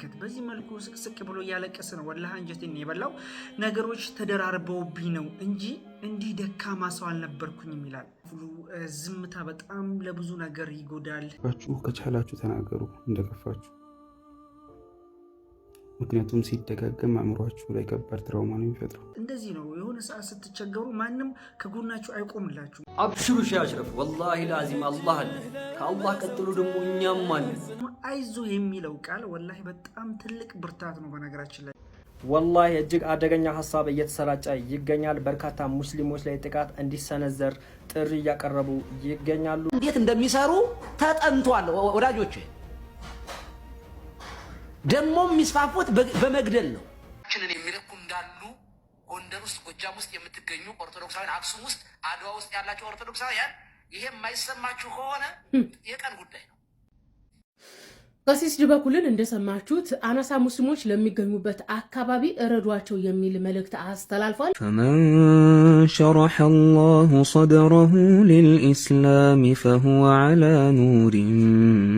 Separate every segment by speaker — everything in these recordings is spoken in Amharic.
Speaker 1: ስመለከት በዚህ መልኩ ስቅስቅ ብሎ እያለቀሰ ነው ወላሂ አንጀቴን የበላው ነገሮች ተደራርበውብኝ ነው እንጂ እንዲህ ደካማ ሰው አልነበርኩኝም ይላል። ዝምታ በጣም ለብዙ ነገር ይጎዳል።
Speaker 2: ከቻላችሁ ተናገሩ እንደከፋችሁ ምክንያቱም ሲደጋገም አእምሯችሁ ላይ ከባድ ትራውማ ነው የሚፈጥረው።
Speaker 1: እንደዚህ ነው የሆነ ሰዓት ስትቸገሩ ማንም ከጎናችሁ አይቆምላችሁ።
Speaker 3: አብሽሩ ሺ አሽረፍ ወላሂ ላዚም አላህ አለ። ከአላህ ቀጥሎ ደግሞ እኛም አለ።
Speaker 1: አይዞ የሚለው ቃል ወላሂ በጣም ትልቅ ብርታት ነው። በነገራችን ላይ
Speaker 4: ወላሂ እጅግ አደገኛ ሀሳብ እየተሰራጨ ይገኛል። በርካታ ሙስሊሞች ላይ ጥቃት እንዲሰነዘር ጥሪ እያቀረቡ ይገኛሉ።
Speaker 3: እንዴት እንደሚሰሩ ተጠንቷል ወዳጆች ደግሞ የሚስፋፉት በመግደል ነው።
Speaker 5: ችንን የሚለኩ እንዳሉ ጎንደር ውስጥ፣ ጎጃም ውስጥ የምትገኙ ኦርቶዶክሳውያን፣ አክሱም ውስጥ፣ አድዋ ውስጥ ያላቸው ኦርቶዶክሳውያን ይሄ የማይሰማችሁ ከሆነ የቀን ጉዳይ
Speaker 1: ቀሲስ ድበኩልን እንደሰማችሁት አናሳ ሙስሊሞች ለሚገኙበት አካባቢ እረዷቸው የሚል መልእክት አስተላልፏል።
Speaker 6: ፈመን ሸረሐ ላሁ ሰድረሁ ሊልኢስላም ፈሁወ ዐላ ኑሪን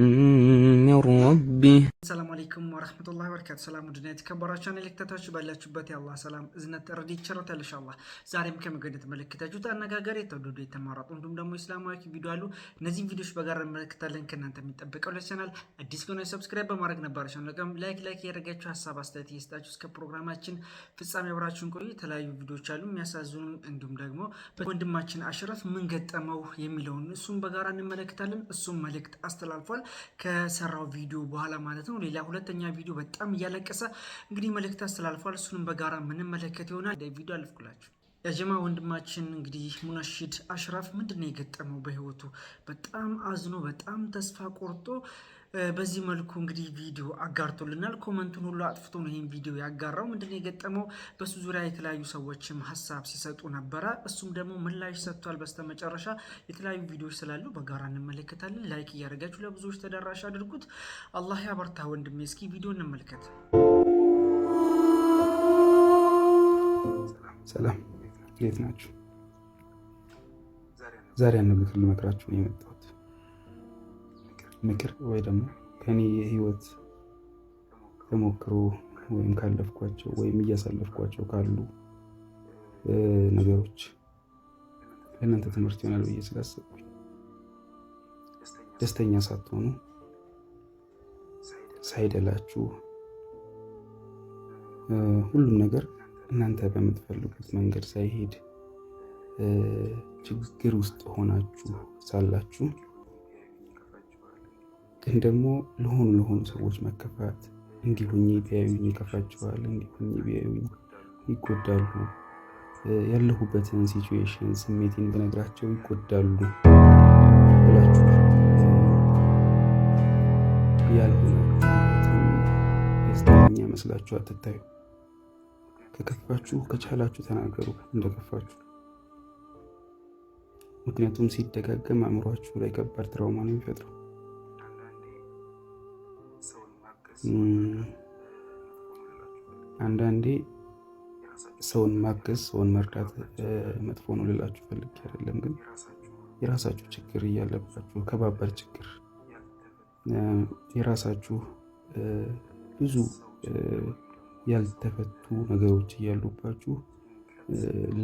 Speaker 6: ሚን ረቢህ።
Speaker 1: ሰላሙ አለይኩም ወረሕመቱላሂ ወበረካቱ። ሰላም ድና የተከበራቸውን ልክተታች ባላችሁበት የአላህ ሰላም እዝነት ረድኤት ይቸረት ያለሻላህ። ዛሬም ከመገኘት መለክታችሁት አነጋገር የተወደዱ የተማራጡ እንዲሁም ደግሞ ኢስላማዊ ቪዲዮ አሉ። እነዚህም ቪዲዮዎች በጋራ እንመለከታለን። ከእናንተ የሚጠበቀው ለቻናል አዲስ ሆነ ሰብስክራይብ በማድረግ ሲሆን ለቀም ላይክ ላይክ ያደረጋችሁ ሀሳብ አስተያየት እየሰጣችሁ እስከ ፕሮግራማችን ፍጻሜ አብራችሁን ቆዩ። የተለያዩ ቪዲዮዎች አሉ የሚያሳዝኑ፣ እንዲሁም ደግሞ ወንድማችን አሽረፍ ምን ገጠመው የሚለውን እሱም በጋራ እንመለከታለን። እሱም መልእክት አስተላልፏል ከሰራው ቪዲዮ በኋላ ማለት ነው። ሌላ ሁለተኛ ቪዲዮ በጣም እያለቀሰ እንግዲህ መልእክት አስተላልፏል። እሱንም በጋራ ምንመለከት ይሆናል። ቪዲዮ አልፍኩላችሁ። የጀማ ወንድማችን እንግዲህ ሙነሺድ አሽራፍ ምንድን ነው የገጠመው በህይወቱ? በጣም አዝኖ በጣም ተስፋ ቆርጦ በዚህ መልኩ እንግዲህ ቪዲዮ አጋርቶልናል። ኮመንቱን ሁሉ አጥፍቶ ነው ይህን ቪዲዮ ያጋራው። ምንድነው የገጠመው? በሱ ዙሪያ የተለያዩ ሰዎችም ሀሳብ ሲሰጡ ነበረ። እሱም ደግሞ ምላሽ ሰጥቷል። በስተመጨረሻ የተለያዩ ቪዲዮዎች ስላሉ በጋራ እንመለከታለን። ላይክ እያደረጋችሁ ለብዙዎች ተደራሽ አድርጉት። አላህ ያበርታ ወንድሜ። እስኪ ቪዲዮ እንመልከት።
Speaker 2: ሰላም፣ እንዴት ናችሁ? ዛሬ ያለበትን ልመክራችሁ ነው ምክር ወይ ደግሞ ከኔ የህይወት ተሞክሮ ወይም ካለፍኳቸው ወይም እያሳለፍኳቸው ካሉ ነገሮች ለእናንተ ትምህርት ይሆናል ብዬ ስላሰብኩኝ ደስተኛ ሳትሆኑ ሳይደላችሁ ሁሉም ነገር እናንተ በምትፈልጉት መንገድ ሳይሄድ ችግር ውስጥ ሆናችሁ ሳላችሁ ግን ደግሞ ለሆኑ ለሆኑ ሰዎች መከፋት እንዲሁኝ ቢያዩኝ ይከፋቸዋል፣ እንዲሁኝ ቢያዩኝ ይጎዳሉ፣ ያለሁበትን ሲቹዌሽን ስሜቴን ብነግራቸው ይጎዳሉ ብላችሁ ያልሆነ መስላችሁ አትታዩ። ከከፋችሁ ከቻላችሁ ተናገሩ እንደከፋችሁ። ምክንያቱም ሲደጋገም አእምሯችሁ ላይ ከባድ ትራውማ ነው የሚፈጥረው። አንዳንዴ ሰውን ማገዝ ሰውን መርዳት መጥፎ ነው ልላችሁ ፈልጌ አይደለም፣ ግን የራሳችሁ ችግር እያለባችሁ ከባባድ ችግር የራሳችሁ ብዙ ያልተፈቱ ነገሮች እያሉባችሁ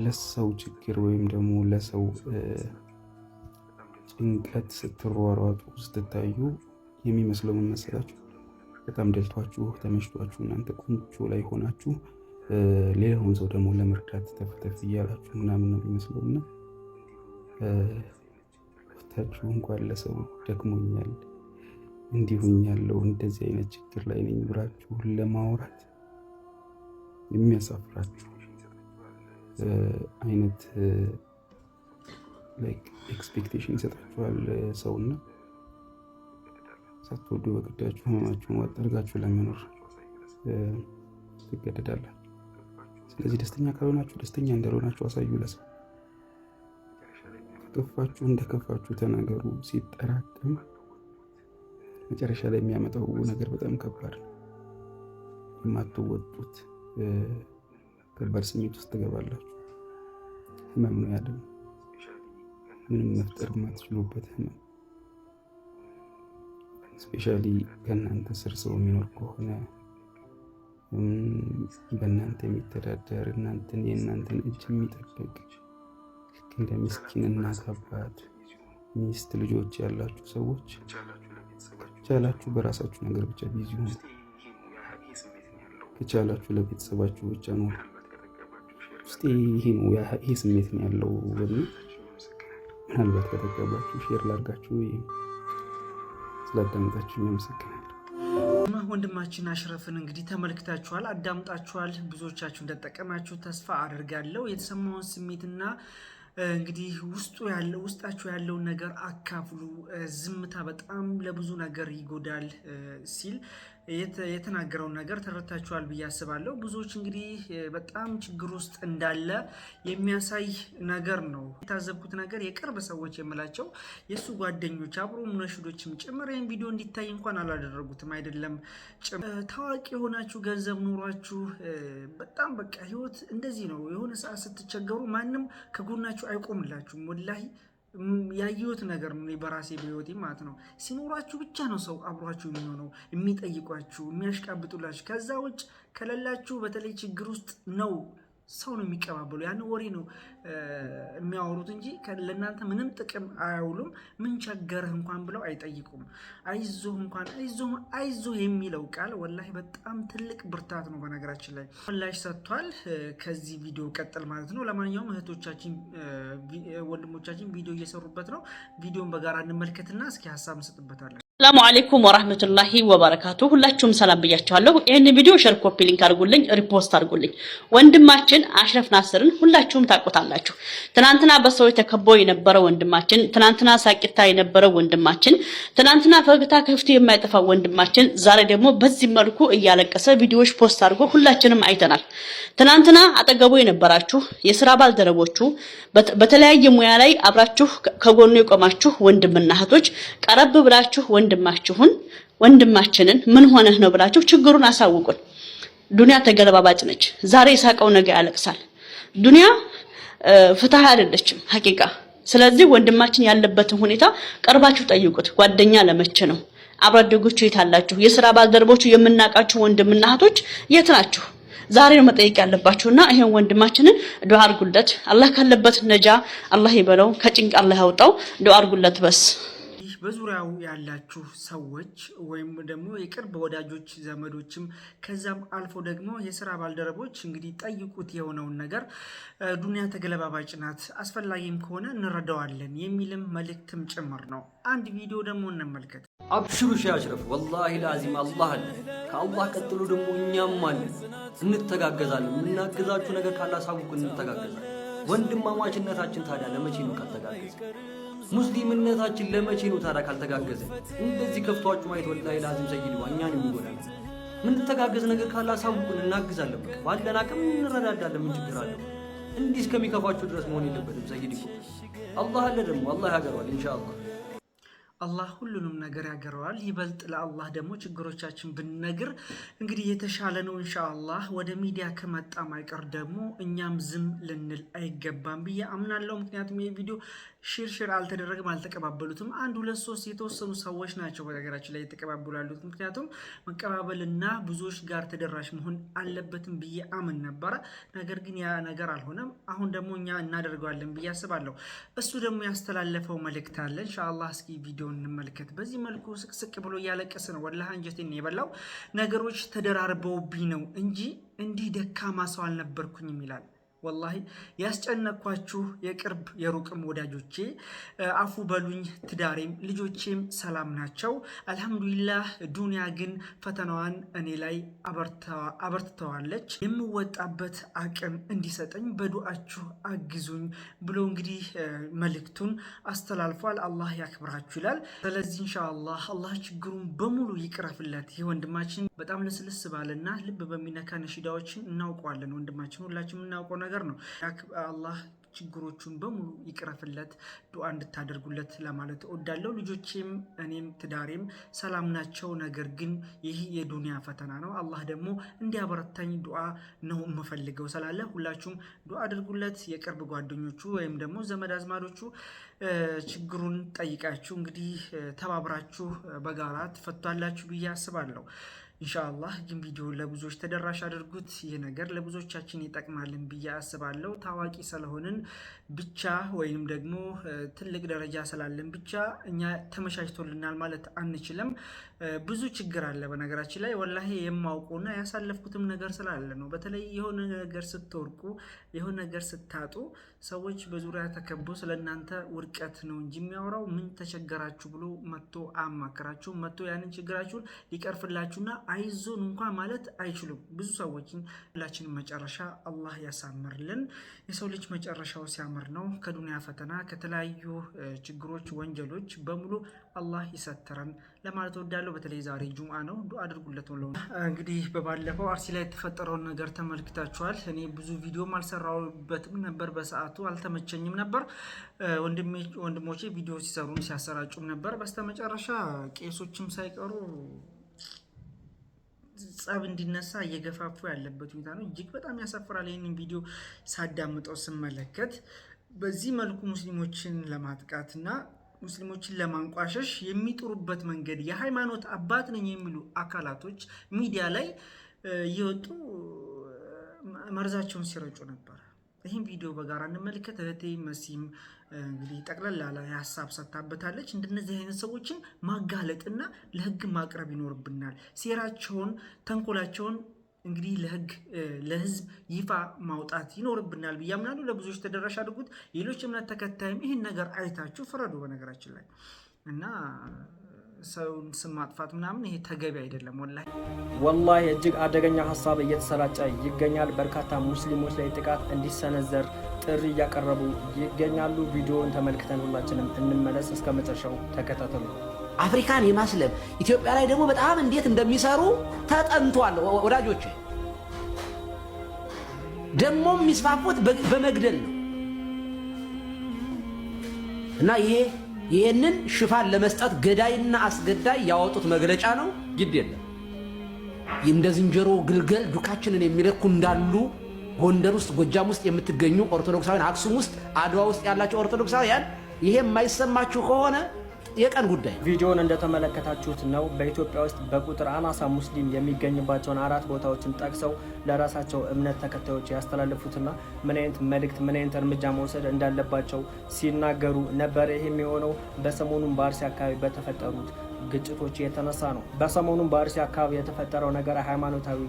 Speaker 2: ለሰው ችግር ወይም ደግሞ ለሰው ጭንቀት ስትሯሯጡ ስትታዩ የሚመስለው ምን መሰላችሁ? በጣም ደልቷችሁ ተመችቷችሁ እናንተ ቁንጮ ላይ ሆናችሁ ሌላውን ሰው ደግሞ ለመርዳት ተፍተፍ እያላችሁ ምናምን ነው የሚመስለው እና ፍታችሁ እንኳን ለሰው ደክሞኛል እንዲሁኝ ያለው እንደዚህ አይነት ችግር ላይ ነኝ ብላችሁ ለማውራት የሚያሳፍራችሁ አይነት ኤክስፔክቴሽን ይሰጣችኋል ሰውና ሳትወዱ በግዳችሁ ህመማችሁን ወጥ አድርጋችሁ ለመኖር ትገደዳለን። ስለዚህ ደስተኛ ካልሆናችሁ ደስተኛ እንዳልሆናችሁ አሳዩ ለሰው። ከከፋችሁ እንደከፋችሁ ተናገሩ። ሲጠራቅም መጨረሻ ላይ የሚያመጣው ነገር በጣም ከባድ ነው። የማትወጡት ከባድ ስሜት ውስጥ ትገባላችሁ። ህመም ነው ያለው፣ ምንም መፍጠር የማትችሉበት ህመም ስፔሻሊ ከእናንተ ስር ሰው የሚኖር ከሆነ በእናንተ የሚተዳደር እናንተን የእናንተን እጅ የሚጠብቅ ልክ እንደ ምስኪን እናት አባት፣ ሚስት፣ ልጆች ያላችሁ ሰዎች ከቻላችሁ በራሳችሁ ነገር ብቻ ቢዚ ሁኑ። ከቻላችሁ ለቤተሰባችሁ ብቻ ነው። ውስጤ ይሄ ነው ይሄ ስሜት ነው ያለው። ምናልባት ከተገባችሁ ሼር ላርጋችሁ። ስላዳመጣችሁ አመሰግናለሁ።
Speaker 1: ወንድማችን አሽረፍን እንግዲህ ተመልክታችኋል፣ አዳምጣችኋል። ብዙዎቻችሁ እንደጠቀማችሁ ተስፋ አድርጋለሁ። የተሰማውን ስሜትና እንግዲህ ውስጡ ያለው ውስጣችሁ ያለውን ነገር አካፍሉ። ዝምታ በጣም ለብዙ ነገር ይጎዳል ሲል የተናገረውን ነገር ተረድታችኋል ብዬ አስባለሁ። ብዙዎች እንግዲህ በጣም ችግር ውስጥ እንዳለ የሚያሳይ ነገር ነው። የታዘብኩት ነገር የቅርብ ሰዎች የምላቸው የእሱ ጓደኞች አብሮ ሙነሽዶችም ጭምር ይህም ቪዲዮ እንዲታይ እንኳን አላደረጉትም አይደለም። ታዋቂ የሆናችሁ ገንዘብ ኑሯችሁ በጣም በቃ ህይወት እንደዚህ ነው። የሆነ ሰዓት ስትቸገሩ ማንም ከጎናችሁ አይቆምላችሁም ወላሂ ያየሁት ነገር ነው በራሴ በህይወቴ ማለት ነው። ሲኖራችሁ ብቻ ነው ሰው አብሯችሁ የሚሆነው የሚጠይቋችሁ፣ የሚያሽቃብጡላችሁ። ከዛ ውጭ ከሌላችሁ በተለይ ችግር ውስጥ ነው ሰው ነው የሚቀባበሉ። ያን ወሬ ነው የሚያወሩት እንጂ ለእናንተ ምንም ጥቅም አያውሉም። ምን ቸገርህ እንኳን ብለው አይጠይቁም። አይዞህ እንኳን አይዞህ አይዞህ የሚለው ቃል ወላሂ በጣም ትልቅ ብርታት ነው። በነገራችን ላይ ምላሽ ሰጥቷል። ከዚህ ቪዲዮ ቀጥል ማለት ነው። ለማንኛውም እህቶቻችን፣ ወንድሞቻችን ቪዲዮ እየሰሩበት ነው። ቪዲዮን በጋራ እንመልከትና እስኪ ሀሳብ እንሰጥበታለን።
Speaker 3: ሰላሙ አሌይኩም ወራህመቱላሂ ወበረካቱ። ሁላችሁም ሰላም ብያችኋለሁ። ይህን ቪዲዮ ሸር፣ ኮፒ ሊንክ አድርጉልኝ፣ ሪፖስት አድርጉልኝ። ወንድማችን አሽረፍ ናስርን ሁላችሁም ታውቁታላችሁ። ትናንትና በሰዎች ተከቦ የነበረው ወንድማችን፣ ትናንትና ሳቂታ የነበረው ወንድማችን፣ ትናንትና ፈገግታ ከፊቱ የማይጠፋ ወንድማችን ዛሬ ደግሞ በዚህ መልኩ እያለቀሰ ቪዲዮዎች ፖስት አድርጎ ሁላችንም አይተናል። ትናንትና አጠገቡ የነበራችሁ የስራ ባልደረቦቹ፣ በተለያየ ሙያ ላይ አብራችሁ ከጎኑ የቆማችሁ ወንድምና እህቶች ቀረብ ብላችሁ ወንድማችሁን ወንድማችንን ምን ሆነህ ነው ብላችሁ ችግሩን አሳውቁን። ዱንያ ተገለባባጭ ነች። ዛሬ የሳቀው ነገ ያለቅሳል። ዱንያ ፍትህ አይደለችም ሐቂቃ። ስለዚህ ወንድማችን ያለበትን ሁኔታ ቀርባችሁ ጠይቁት። ጓደኛ ለመቼ ነው? አብሮ አደጎቹ የት አላችሁ? የስራ ባልደረቦቹ፣ የምናውቃችሁ ወንድምና እህቶች የት ናችሁ? ዛሬ ነው መጠየቅ ያለባችሁና ይሄን ወንድማችንን ዱዓ አርጉለት። አላህ ካለበት ነጃ አላህ ይበለው፣ ከጭንቅ አላህ ያውጣው። ዱዓ አርጉለት በስ
Speaker 1: በዙሪያው ያላችሁ ሰዎች ወይም ደግሞ የቅርብ ወዳጆች ዘመዶችም ከዛም አልፎ ደግሞ የስራ ባልደረቦች እንግዲህ ጠይቁት የሆነውን ነገር ዱንያ ተገለባባጭ ናት፣ አስፈላጊም ከሆነ እንረዳዋለን የሚልም መልእክትም ጭምር ነው። አንድ ቪዲዮ ደግሞ እንመልከት።
Speaker 3: አብሽሩ ሼህ አሽረፍ፣ ወላሂ ለአዚም አላህ አለ። ከአላህ ቀጥሎ ደግሞ እኛም አለን፣ እንተጋገዛለን። የምናገዛችሁ ነገር ካላሳውቅ እንተጋገዛለን። ወንድማማችነታችን ታዲያ ለመቼ ነው ካልተጋገዘ ሙስሊምነታችን ለመቼ ነው ታዲያ ካልተጋገዘ? እንደዚህ ከፍቷችሁ ማየት ወላሂ ላዚም ሰይድ እኛን የሚጎዳ ነው። የምንተጋገዝ ነገር ካላሳውቁን እናግዛለን። ባለን አቅም እንረዳዳለን። ምን ችግር አለው? እንዲህ እስከሚከፋችሁ ድረስ መሆን የለበትም። ሰይድ ይቆ አላህ አለ ደግሞ አላህ ያገረዋል ኢንሻአላህ።
Speaker 1: አላህ ሁሉንም ነገር ያገረዋል። ይበልጥ ለአላህ ደግሞ ችግሮቻችን ብንነግር እንግዲህ የተሻለ ነው ኢንሻአላህ። ወደ ሚዲያ ከመጣ ማይቀር ደግሞ እኛም ዝም ልንል አይገባም ብዬ አምናለሁ። ምክንያቱም ይህ ቪዲዮ ሽርሽር አልተደረገም፣ አልተቀባበሉትም። አንድ ሁለት ሶስት የተወሰኑ ሰዎች ናቸው በነገራችን ላይ የተቀባበሉ ያሉት። ምክንያቱም መቀባበልና ብዙዎች ጋር ተደራሽ መሆን አለበትም ብዬ አምን ነበረ። ነገር ግን ያ ነገር አልሆነም። አሁን ደግሞ እኛ እናደርገዋለን ብዬ አስባለሁ። እሱ ደግሞ ያስተላለፈው መልእክት አለ። ኢንሻአላህ እስኪ ቪዲዮ እንመልከት። በዚህ መልኩ ስቅስቅ ብሎ እያለቀስ ነው። ወላሂ አንጀቴን የበላው ነገሮች ተደራርበውብኝ ነው እንጂ እንዲህ ደካማ ሰው አልነበርኩኝም ይላል። ወላሂ ያስጨነኳችሁ የቅርብ የሩቅም ወዳጆቼ አፉ በሉኝ። ትዳሬም ልጆቼም ሰላም ናቸው አልሐምዱሊላህ። ዱንያ ግን ፈተናዋን እኔ ላይ አበርትተዋለች። የምወጣበት አቅም እንዲሰጠኝ በዱአችሁ አግዙኝ ብሎ እንግዲህ መልእክቱን አስተላልፏል። አላህ ያክብራችሁ ይላል። ስለዚህ ኢንሻአላህ አላህ ችግሩን በሙሉ ይቅረፍለት። ይህ ወንድማችን በጣም ለስልስ ባለና ልብ በሚነካ ነሺዳዎችን እናውቀዋለን። ወንድማችን ሁላችንም እናውቀ ነገር ነው። አላህ ችግሮቹን በሙሉ ይቅረፍለት፣ ዱዓ እንድታደርጉለት ለማለት እወዳለሁ። ልጆቼም እኔም ትዳሬም ሰላም ናቸው። ነገር ግን ይህ የዱንያ ፈተና ነው። አላህ ደግሞ እንዲያበረታኝ ዱዓ ነው የምፈልገው ስላለ ሁላችሁም ዱዓ አድርጉለት። የቅርብ ጓደኞቹ ወይም ደግሞ ዘመድ አዝማዶቹ ችግሩን ጠይቃችሁ እንግዲህ ተባብራችሁ በጋራ ትፈቷላችሁ ብዬ አስባለሁ። ኢንሻአላህ ግን ቪዲዮን ለብዙዎች ተደራሽ አድርጉት። ይህ ነገር ለብዙዎቻችን ይጠቅማልን ብዬ አስባለሁ። ታዋቂ ስለሆንን ብቻ ወይም ደግሞ ትልቅ ደረጃ ስላለን ብቻ እኛ ተመቻችቶልናል ማለት አንችልም። ብዙ ችግር አለ። በነገራችን ላይ ወላሂ የማውቁና ያሳለፍኩትም ነገር ስላለ ነው። በተለይ የሆነ ነገር ስትወርቁ፣ የሆነ ነገር ስታጡ፣ ሰዎች በዙሪያ ተከቦ ስለ እናንተ ውድቀት ነው እንጂ የሚያወራው ምን ተቸገራችሁ ብሎ መጥቶ አማከራችሁ መጥቶ ያንን ችግራችሁን ሊቀርፍላችሁ አይዞን እንኳ ማለት አይችሉም። ብዙ ሰዎች ሁላችንም መጨረሻ አላህ ያሳምርልን። የሰው ልጅ መጨረሻው ሲያምር ነው። ከዱንያ ፈተና፣ ከተለያዩ ችግሮች፣ ወንጀሎች በሙሉ አላህ ይሰትረን ለማለት ወዳለው። በተለይ ዛሬ ጁምአ ነው። ዱአ አድርጉለት። እንግዲህ በባለፈው አርሲ ላይ የተፈጠረውን ነገር ተመልክታችኋል። እኔ ብዙ ቪዲዮም አልሰራሁበትም ነበር፣ በሰዓቱ አልተመቸኝም ነበር። ወንድሞቼ ቪዲዮ ሲሰሩም ሲያሰራጩም ነበር። በስተመጨረሻ ቄሶችም ሳይቀሩ ጸብ እንዲነሳ እየገፋፉ ያለበት ሁኔታ ነው። እጅግ በጣም ያሳፍራል። ይህንን ቪዲዮ ሳዳምጠው ስመለከት በዚህ መልኩ ሙስሊሞችን ለማጥቃትና ሙስሊሞችን ለማንቋሸሽ የሚጥሩበት መንገድ የሃይማኖት አባት ነኝ የሚሉ አካላቶች ሚዲያ ላይ እየወጡ መርዛቸውን ሲረጩ ነበር። ይህን ቪዲዮ በጋራ እንመልከት። እህቴ መሲም እንግዲህ ጠቅለል ያለ ሀሳብ ሰጥታበታለች። እንደነዚህ አይነት ሰዎችን ማጋለጥና ለህግ ማቅረብ ይኖርብናል። ሴራቸውን፣ ተንኮላቸውን እንግዲህ ለህግ ለህዝብ ይፋ ማውጣት ይኖርብናል ብዬ አምናለሁ። ለብዙዎች ተደራሽ አድርጉት። ሌሎች እምነት ተከታይም ይህን ነገር አይታችሁ ፍረዱ። በነገራችን ላይ እና ሰውን ስም ማጥፋት ምናምን ይሄ ተገቢ አይደለም። ወላ ወላ እጅግ አደገኛ ሀሳብ እየተሰራጨ ይገኛል። በርካታ ሙስሊሞች ላይ ጥቃት እንዲሰነዘር ጥሪ እያቀረቡ ይገኛሉ። ቪዲዮውን ተመልክተን ሁላችንም እንመለስ። እስከ መጨረሻው ተከታተሉ። አፍሪካን የማስለም ኢትዮጵያ ላይ ደግሞ በጣም እንዴት እንደሚሰሩ ተጠንቷል። ወዳጆች ደግሞ የሚስፋፉት በመግደል ነው እና ይሄ ይህንን ሽፋን ለመስጠት ገዳይና አስገዳይ ያወጡት መግለጫ ነው። ግድ የለም እንደ ዝንጀሮ ግልገል ዱካችንን የሚለኩ እንዳሉ ጎንደር ውስጥ፣ ጎጃም ውስጥ የምትገኙ ኦርቶዶክሳውያን፣ አክሱም ውስጥ፣ አድዋ ውስጥ ያላቸው ኦርቶዶክሳውያን ይሄ የማይሰማችሁ ከሆነ የቀን ጉዳይ። ቪዲዮውን እንደተመለከታችሁት ነው። በኢትዮጵያ ውስጥ በቁጥር አናሳ ሙስሊም የሚገኝባቸውን አራት ቦታዎችን ጠቅሰው ለራሳቸው እምነት ተከታዮች ያስተላለፉትና ምን አይነት መልእክት ምን አይነት እርምጃ መውሰድ እንዳለባቸው ሲናገሩ ነበር። ይህም የሆነው በሰሞኑን በአርሲ አካባቢ በተፈጠሩት ግጭቶች የተነሳ ነው። በሰሞኑን በአርሲ አካባቢ የተፈጠረው ነገር ሃይማኖታዊ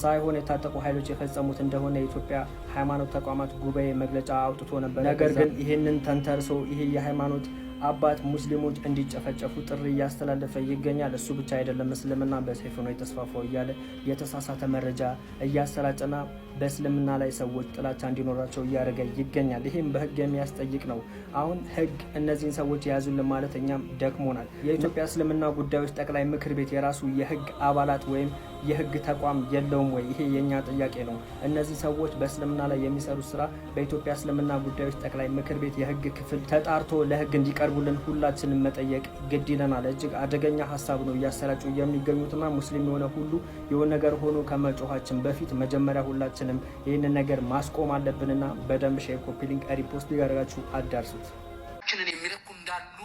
Speaker 1: ሳይሆን የታጠቁ ኃይሎች የፈጸሙት እንደሆነ የኢትዮጵያ ሃይማኖት ተቋማት ጉባኤ መግለጫ አውጥቶ ነበር። ነገር ግን ይህንን ተንተርሶ ይሄ የሃይማኖት አባት ሙስሊሞች እንዲጨፈጨፉ ጥሪ እያስተላለፈ ይገኛል። እሱ ብቻ አይደለም፣ እስልምና በሰይፍ ነው የተስፋፋው እያለ የተሳሳተ መረጃ እያሰራጨና በእስልምና ላይ ሰዎች ጥላቻ እንዲኖራቸው እያደረገ ይገኛል። ይህም በህግ የሚያስጠይቅ ነው። አሁን ህግ እነዚህን ሰዎች የያዙልን ማለት እኛም ደክሞናል። የኢትዮጵያ እስልምና ጉዳዮች ጠቅላይ ምክር ቤት የራሱ የህግ አባላት ወይም የህግ ተቋም የለውም ወይ? ይሄ የእኛ ጥያቄ ነው። እነዚህ ሰዎች በእስልምና ላይ የሚሰሩት ስራ በኢትዮጵያ እስልምና ጉዳዮች ጠቅላይ ምክር ቤት የህግ ክፍል ተጣርቶ ለህግ እንዲቀርቡልን ሁላችንም መጠየቅ ግድ ይለናል። እጅግ አደገኛ ሀሳብ ነው እያሰራጩ የሚገኙትና ሙስሊም የሆነ ሁሉ የሆነ ነገር ሆኖ ከመጮኋችን በፊት መጀመሪያ ሁላችን አንችልም። ይህንን ነገር ማስቆም አለብንና በደንብ ሼር፣ ኮፒ ሊንክ፣ ሪፖስት እያደረጋችሁ አዳርሱት። የሚለኩ እንዳሉ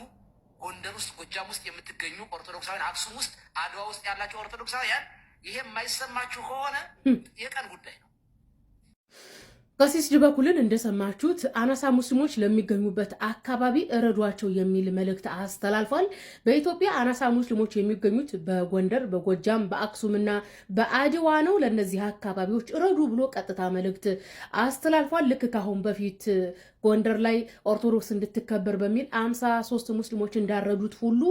Speaker 1: ጎንደር ውስጥ፣ ጎጃም ውስጥ የምትገኙ ኦርቶዶክሳውያን፣ አክሱም ውስጥ፣ አድዋ ውስጥ ያላቸው ኦርቶዶክሳውያን ይሄ የማይሰማችሁ ከሆነ የቀን ጉዳይ ነው። ቀሲስ ድበኩልን እንደሰማችሁት አናሳ ሙስሊሞች ለሚገኙበት አካባቢ እረዷቸው የሚል መልእክት አስተላልፏል። በኢትዮጵያ አናሳ ሙስሊሞች የሚገኙት በጎንደር፣ በጎጃም፣ በአክሱምና በአድዋ ነው። ለእነዚህ አካባቢዎች እረዱ ብሎ ቀጥታ መልእክት አስተላልፏል። ልክ ካሁን በፊት ጎንደር ላይ ኦርቶዶክስ እንድትከበር በሚል አምሳ ሶስት ሙስሊሞች እንዳረዱት ሁሉ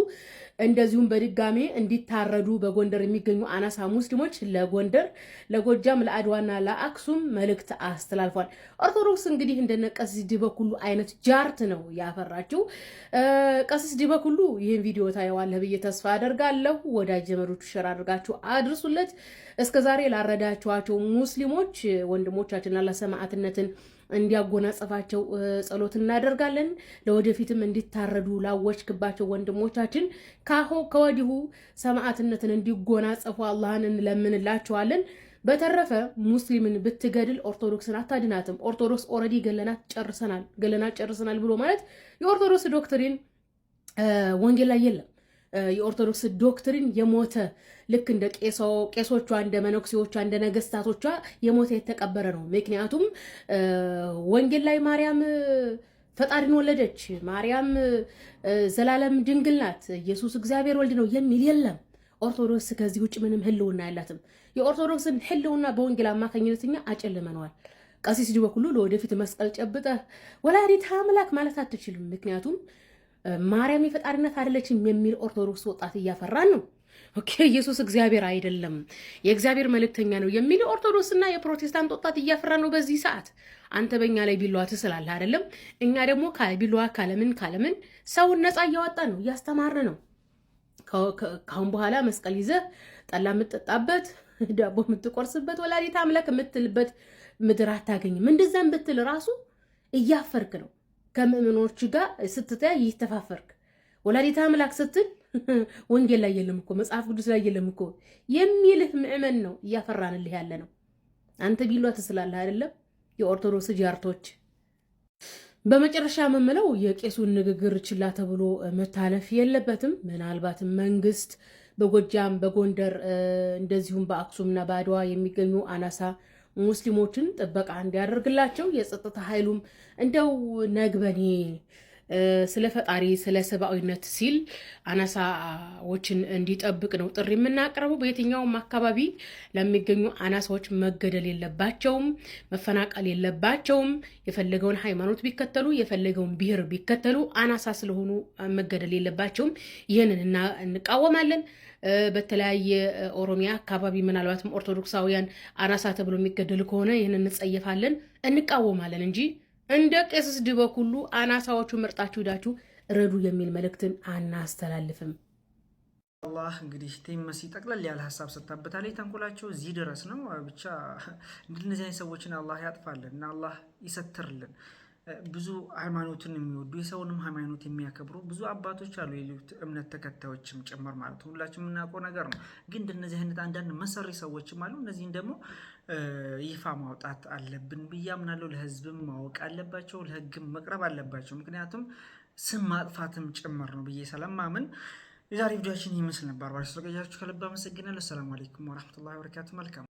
Speaker 1: እንደዚሁም በድጋሜ እንዲታረዱ በጎንደር የሚገኙ አናሳ ሙስሊሞች ለጎንደር፣ ለጎጃም፣ ለአድዋና ለአክሱም መልእክት አስተላልፏል። ኦርቶዶክስ እንግዲህ እንደነ ቀሲስ ዲበኩሉ አይነት ጃርት ነው ያፈራችው። ቀሲስ ዲበኩሉ ይህን ቪዲዮ ታየዋለህ ብዬ ተስፋ አደርጋለሁ። ወዳጅ ዘመዶቹ ሸር አድርጋችሁ አድርሱለት። እስከዛሬ ላረዳችኋቸው ሙስሊሞች ወንድሞቻችንና ለሰማዕትነትን እንዲያጎናጸፋቸው ጸሎት እናደርጋለን። ለወደፊትም እንዲታረዱ ላወችክባቸው ወንድሞቻችን ካሆ ከወዲሁ ሰማዕትነትን እንዲጎናጸፉ አላህን እንለምንላቸዋለን። በተረፈ ሙስሊምን ብትገድል ኦርቶዶክስን አታድናትም። ኦርቶዶክስ ኦልሬዲ ገለናት ጨርሰናል ገለናት ጨርሰናል ብሎ ማለት የኦርቶዶክስ ዶክትሪን ወንጌል ላይ የለም። የኦርቶዶክስ ዶክትሪን የሞተ ልክ እንደ ቄሶቿ እንደ መነኩሴዎቿ እንደ ነገስታቶቿ የሞተ የተቀበረ ነው። ምክንያቱም ወንጌል ላይ ማርያም ፈጣሪን ወለደች፣ ማርያም ዘላለም ድንግል ናት፣ ኢየሱስ እግዚአብሔር ወልድ ነው የሚል የለም። ኦርቶዶክስ ከዚህ ውጭ ምንም ህልውና ያላትም የኦርቶዶክስን ህልውና በወንጌል አማካኝነት እኛ አጨልመነዋል። ቀሲስ ዲበኩሉ ለወደፊት መስቀል ጨብጠ ወላዲተ አምላክ ማለት አትችልም። ምክንያቱም ማርያም የፈጣሪነት አይደለችም የሚል ኦርቶዶክስ ወጣት እያፈራን ነው። ኦኬ ኢየሱስ እግዚአብሔር አይደለም የእግዚአብሔር መልእክተኛ ነው የሚል ኦርቶዶክስና የፕሮቴስታንት ወጣት እያፈራ ነው። በዚህ ሰዓት አንተ በእኛ ላይ ቢላዋ ትስላለህ አይደለም። እኛ ደግሞ ቢላዋ ካለምን ካለምን ሰውን ነፃ እያወጣ ነው እያስተማርን ነው። ካሁን በኋላ መስቀል ይዘህ ጠላ የምትጠጣበት ዳቦ የምትቆርስበት ወላዲተ አምላክ የምትልበት ምድር አታገኝም። እንደዛም ብትል ራሱ እያፈርክ ነው። ከምእመኖች ጋር ስትተያይ ይተፋፈርክ ወላዲተ አምላክ ስትል ወንጌል ላይ የለም እኮ መጽሐፍ ቅዱስ ላይ የለም እኮ የሚልህ ምዕመን ነው እያፈራንልህ ያለ ነው። አንተ ቢሏ ትስላለህ አይደለም የኦርቶዶክስ ጃርቶች። በመጨረሻ የምምለው የቄሱን ንግግር ችላ ተብሎ መታለፍ የለበትም። ምናልባትም መንግስት በጎጃም በጎንደር እንደዚሁም በአክሱምና በአድዋ የሚገኙ አናሳ ሙስሊሞችን ጥበቃ እንዲያደርግላቸው የጸጥታ ኃይሉም እንደው ነግበኔ ስለ ፈጣሪ ስለ ሰብአዊነት ሲል አናሳዎችን እንዲጠብቅ ነው ጥሪ የምናቀርበው። በየትኛውም አካባቢ ለሚገኙ አናሳዎች መገደል የለባቸውም፣ መፈናቀል የለባቸውም። የፈለገውን ሃይማኖት ቢከተሉ፣ የፈለገውን ብሔር ቢከተሉ አናሳ ስለሆኑ መገደል የለባቸውም። ይህንን እንቃወማለን። በተለያየ ኦሮሚያ አካባቢ ምናልባትም ኦርቶዶክሳውያን አናሳ ተብሎ የሚገደል ከሆነ ይህን እንጸየፋለን፣ እንቃወማለን እንጂ እንደ ቄስስ ድበክ ሁሉ አናሳዎቹ መርጣችሁ ሂዳችሁ ረዱ የሚል መልእክትን አናስተላልፍም። አላህ እንግዲህ ቴመሲ ጠቅለል ያለ ሀሳብ ሰጥታበታ ላይ ተንኮላቸው እዚህ ድረስ ነው። ብቻ እንደነዚህ አይነት ሰዎችን አላህ ያጥፋልን እና አላህ ይሰትርልን። ብዙ ሃይማኖትን የሚወዱ የሰውንም ሃይማኖት የሚያከብሩ ብዙ አባቶች አሉ፣ የሌሎች እምነት ተከታዮችም ጭምር ማለት ነው። ሁላችን የምናውቀው ነገር ነው። ግን እንደነዚህ አይነት አንዳንድ መሰሪ ሰዎችም አሉ። እነዚህን ደግሞ ይፋ ማውጣት አለብን ብዬ አምናለሁ። ለህዝብም ማወቅ አለባቸው፣ ለህግም መቅረብ አለባቸው። ምክንያቱም ስም ማጥፋትም ጭምር ነው ብዬ ስለማምን የዛሬ ቪዲዮችን ይመስል ነበር። ስለቀያችሁ ከልብ አመሰግናለሁ። ሰላም አለይኩም ወረሕመቱላሂ ወበረካቱ። መልካም